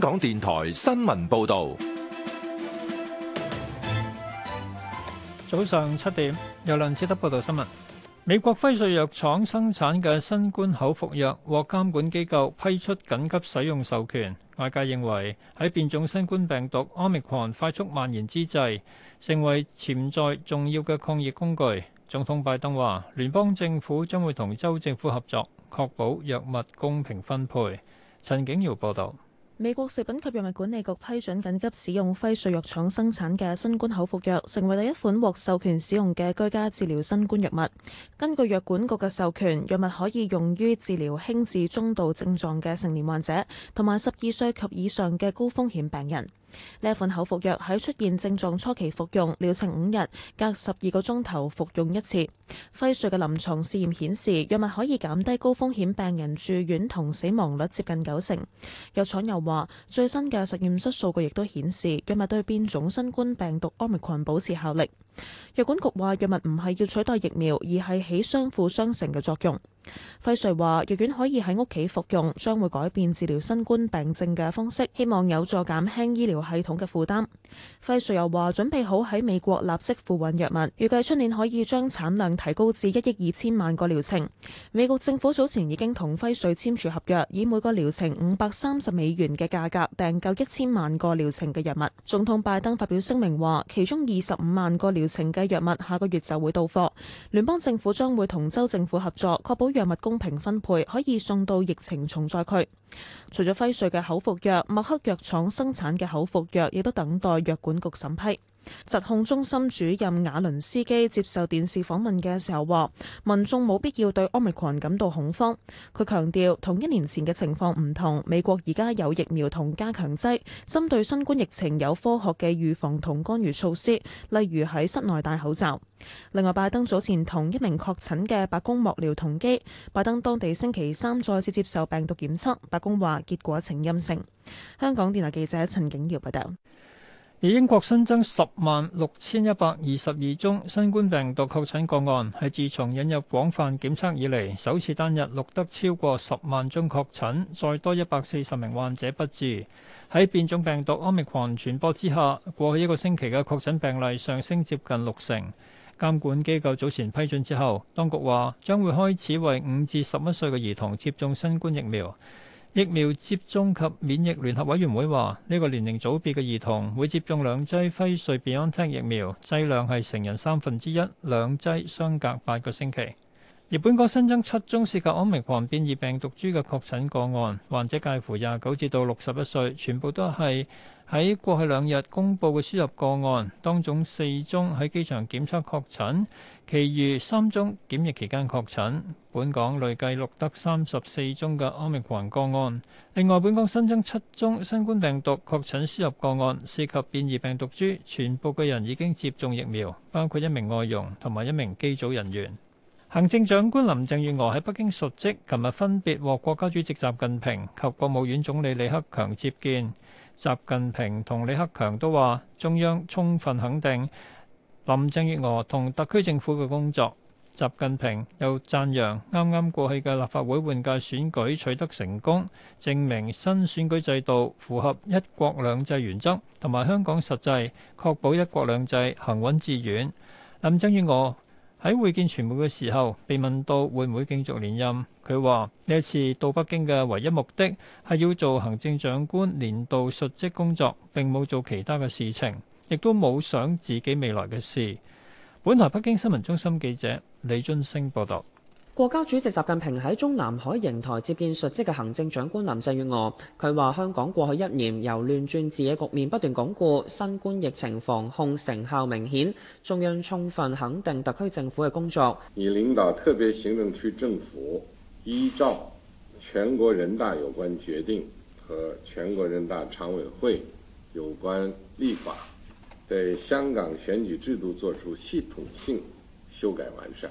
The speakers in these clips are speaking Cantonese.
港電台新聞報道，早上七點，有兩次得報道。新聞：美國輝瑞藥廠生產嘅新冠口服藥獲監管機構批出緊急使用授權。外界認為喺變種新冠病毒 Omicron 快速蔓延之際，成為潛在重要嘅抗疫工具。總統拜登話，聯邦政府將會同州政府合作，確保藥物公平分配。陳景瑤報道。美國食品及藥物管理局批准緊急使用輝瑞藥廠生產嘅新冠口服藥，成為第一款獲授權使用嘅居家治療新冠藥物。根據藥管局嘅授權，藥物可以用於治療輕至中度症狀嘅成年患者，同埋十二歲及以上嘅高風險病人。呢一款口服藥喺出現症狀初期服用，療程五日，隔十二個鐘頭服用一次。輝瑞嘅臨床試驗顯示，藥物可以減低高風險病人住院同死亡率接近九成。藥廠又話，最新嘅實驗室數據亦都顯示，藥物對變種新冠病毒奧密克戎保持效力。藥管局話藥物唔係要取代疫苗，而係起相輔相成嘅作用。輝瑞話藥丸可以喺屋企服用，將會改變治療新冠病症嘅方式，希望有助減輕醫療系統嘅負擔。輝瑞又話準備好喺美國立即付運藥物，預計出年可以將產量提高至一億二千萬個療程。美國政府早前已經同輝瑞簽署合約，以每個療程五百三十美元嘅價格訂購一千萬個療程嘅藥物。總統拜登發表聲明話，其中二十五萬個療情嘅藥物下個月就會到貨，聯邦政府將會同州政府合作，確保藥物公平分配，可以送到疫情重災區。除咗輝瑞嘅口服藥，默克藥廠生產嘅口服藥亦都等待藥管局審批。疾控中心主任瓦倫斯基接受電視訪問嘅時候話，民眾冇必要對 Omicron 感到恐慌。佢強調，同一年前嘅情況唔同，美國而家有疫苗同加強劑，針對新冠疫情有科學嘅預防同干預措施，例如喺室內戴口罩。另外，拜登早前同一名確診嘅白宮幕僚同機，拜登當地星期三再次接受病毒檢測，白宮話結果呈陰性。香港電台記者陳景瑤報道。而英國新增十萬六千一百二十二宗新冠病毒確診個案，係自從引入廣泛檢測以嚟首次單日錄得超過十萬宗確診，再多一百四十名患者不治。喺變種病毒奧密克戎傳播之下，過去一個星期嘅確診病例上升接近六成。監管機構早前批准之後，當局話將會開始為五至十一歲嘅兒童接種新冠疫苗。疫苗接種及免疫聯合委員會話：呢、這個年齡組別嘅兒童會接種兩劑輝瑞 BioNTech 疫苗，劑量係成人三分之一，兩劑相隔八個星期。而本港新增七宗涉及奧密克戎變異病毒株嘅確診個案，患者介乎廿九至到六十一歲，全部都係喺過去兩日公佈嘅輸入個案，當中四宗喺機場檢測確診，其餘三宗檢疫期間確診。本港累計錄得三十四宗嘅 Omicron 個案。另外，本港新增七宗新冠病毒確診輸入個案，涉及變異病毒株，全部嘅人已經接種疫苗，包括一名外傭同埋一名機組人員。行政長官林鄭月娥喺北京述職，琴日分別獲國家主席習近平及國務院總理李克強接見。習近平同李克強都話，中央充分肯定林鄭月娥同特區政府嘅工作。習近平又讚揚啱啱過去嘅立法會換屆選舉取得成功，證明新選舉制度符合一國兩制原則同埋香港實際，確保一國兩制行穩致遠。林鄭月娥。喺會見傳媒嘅時候，被問到會唔會繼續連任，佢話：呢一次到北京嘅唯一目的係要做行政長官年度述職工作，並冇做其他嘅事情，亦都冇想自己未來嘅事。本台北京新聞中心記者李津星報道。國家主席習近平喺中南海瀛台接見述職嘅行政長官林鄭月娥，佢話，香港過去一年由亂轉治嘅局面不斷鞏固，新冠疫情防控成效明顯，中央充分肯定特區政府嘅工作。你領導特別行政區政府依照全國人大有關決定和全國人大常委會有關立法，對香港選舉制度作出系統性修改完善。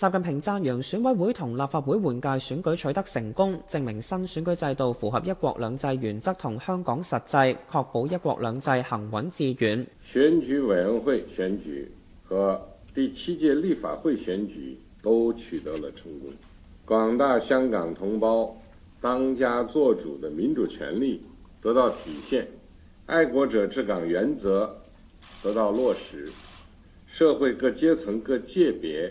習近平讚揚選委會同立法會換屆選舉取得成功，證明新選舉制度符合一國兩制原則同香港實際，確保一國兩制行穩致遠。選舉委員會選舉和第七屆立法會選舉都取得了成功，廣大香港同胞當家做主的民主權利得到體現，愛國者治港原則得到落實，社會各階層各界別，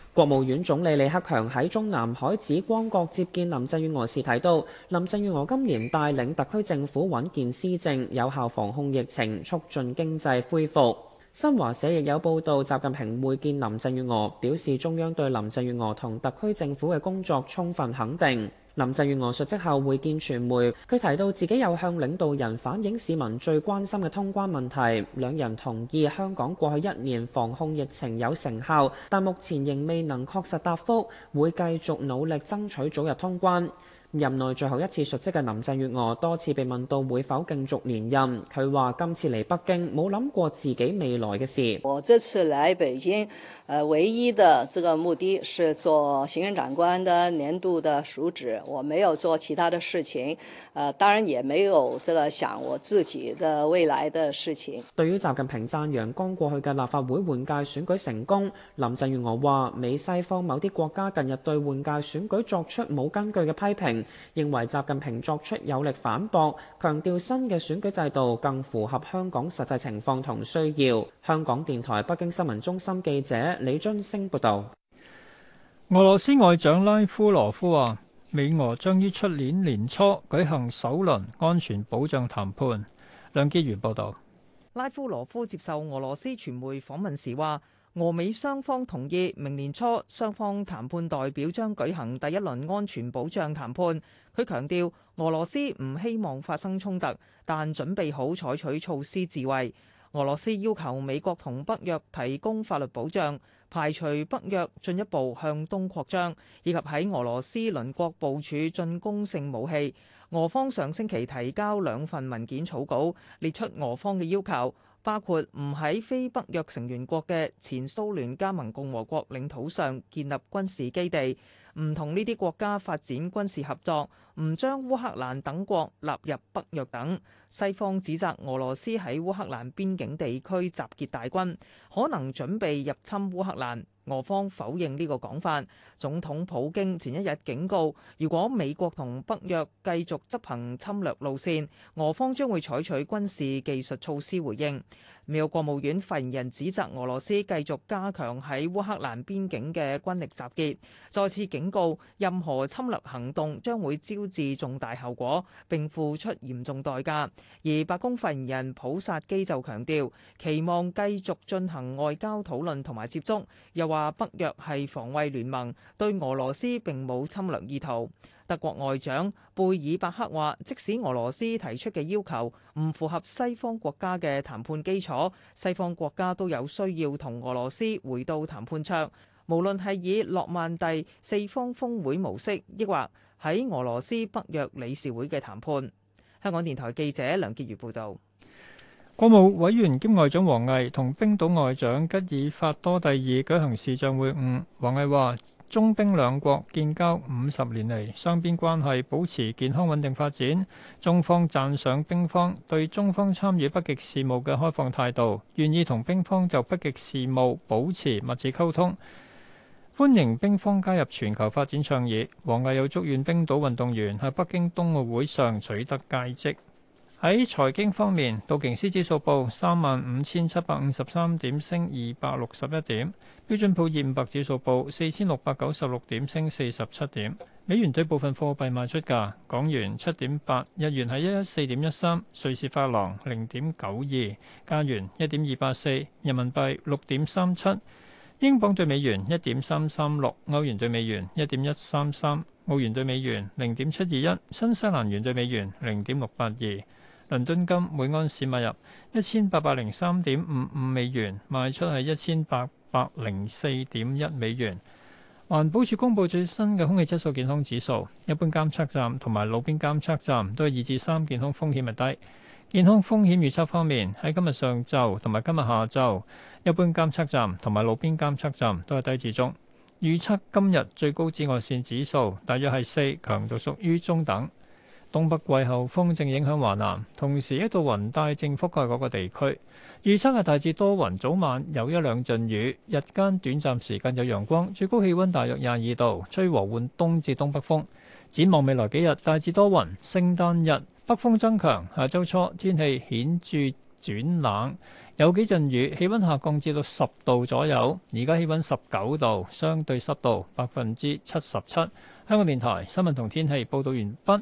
國務院總理李克強喺中南海紫光閣接見林鄭月娥時提到，林鄭月娥今年帶領特區政府穩健施政，有效防控疫情，促進經濟恢復。新華社亦有報道，習近平會見林鄭月娥，表示中央對林鄭月娥同特區政府嘅工作充分肯定。林鄭月娥述職後會見傳媒，佢提到自己有向領導人反映市民最關心嘅通關問題。兩人同意香港過去一年防控疫情有成效，但目前仍未能確實答覆，會繼續努力爭取早日通關。任內最後一次述職嘅林鄭月娥多次被問到會否競逐連任，佢話今次嚟北京冇諗過自己未來嘅事。我這次嚟北京，呃，唯一的這個目的是做行政長官的年度的述職，我沒有做其他的事情，誒、呃，當然也沒有這個想我自己的未來的事情。對於習近平讚揚剛剛過去嘅立法會換屆選舉成功，林鄭月娥話美西方某啲國家近日對換屆選舉作出冇根據嘅批評。認為習近平作出有力反駁，強調新嘅選舉制度更符合香港實際情況同需要。香港電台北京新聞中心記者李津星報道。俄羅斯外長拉夫羅夫話，美俄將於出年年初舉行首輪安全保障談判。梁潔如報道。拉夫羅夫接受俄羅斯傳媒訪問時話。俄美雙方同意明年初雙方談判代表將舉行第一輪安全保障談判。佢強調，俄羅斯唔希望發生衝突，但準備好採取措施自衛。俄羅斯要求美國同北約提供法律保障，排除北約進一步向東擴張，以及喺俄羅斯鄰國部署進攻性武器。俄方上星期提交兩份文件草稿，列出俄方嘅要求。包括唔喺非北約成員國嘅前蘇聯加盟共和國領土上建立軍事基地，唔同呢啲國家發展軍事合作，唔將烏克蘭等國納入北約等。西方指責俄羅斯喺烏克蘭邊境地區集結大軍，可能準備入侵烏克蘭。俄方否認呢個講法。總統普京前一日警告，如果美國同北約繼續執行侵略路線，俄方將會採取軍事技術措施回應。美國國務院發言人指責俄羅斯繼續加強喺烏克蘭邊境嘅軍力集結，再次警告任何侵略行動將會招致重大後果並付出嚴重代價。而白宮發言人普薩基就強調，期望繼續進行外交討論同埋接觸，又話北約係防衛聯盟，對俄羅斯並冇侵略意圖。德國外長貝爾伯克話，即使俄羅斯提出嘅要求唔符合西方國家嘅談判基礎，西方國家都有需要同俄羅斯回到談判桌，無論係以諾曼第四方峰會模式，抑或喺俄羅斯北約理事會嘅談判。香港電台記者梁潔如報道。國務委員兼外長王毅同冰島外長吉爾法多蒂爾舉行視像會晤。王毅話。中冰兩國建交五十年嚟，雙邊關係保持健康穩定發展。中方讚賞冰方對中方參與北極事務嘅開放態度，願意同冰方就北極事務保持密切溝通，歡迎冰方加入全球發展倡議。王毅又祝願冰島運動員喺北京冬奧會上取得佳績。喺財經方面，道瓊斯指數報三萬五千七百五十三點，升二百六十一點；標準普爾五百指數報四千六百九十六點，升四十七點。美元對部分貨幣賣出價：港元七點八，日元係一一四點一三，瑞士法郎零點九二，加元一點二八四，人民幣六點三七，英鎊對美元一點三三六，歐元對美元一點一三三，澳元對美元零點七二一，新西蘭元對美元零點六八二。倫敦金每安士買入一千八百零三點五五美元，賣出係一千八百零四點一美元。環保署公布最新嘅空氣質素健康指數，一般監測站同埋路邊監測站都係二至三，健康風險屬低。健康風險預測方面，喺今日上晝同埋今日下晝，一般監測站同埋路邊監測站都係低至中。預測今日最高紫外線指數大約係四，強度屬於中等。東北季候風正影響華南，同時一道雲帶正覆蓋嗰個地區。預測係大致多雲，早晚有一兩陣雨，日間短暫時間有陽光，最高氣温大約廿二度，吹和緩東至東北風。展望未來幾日，大致多雲。聖誕日北風增強，下周初天氣顯著轉冷，有幾陣雨，氣温下降至到十度左右。而家氣温十九度，相對濕度百分之七十七。香港電台新聞同天氣報導完畢。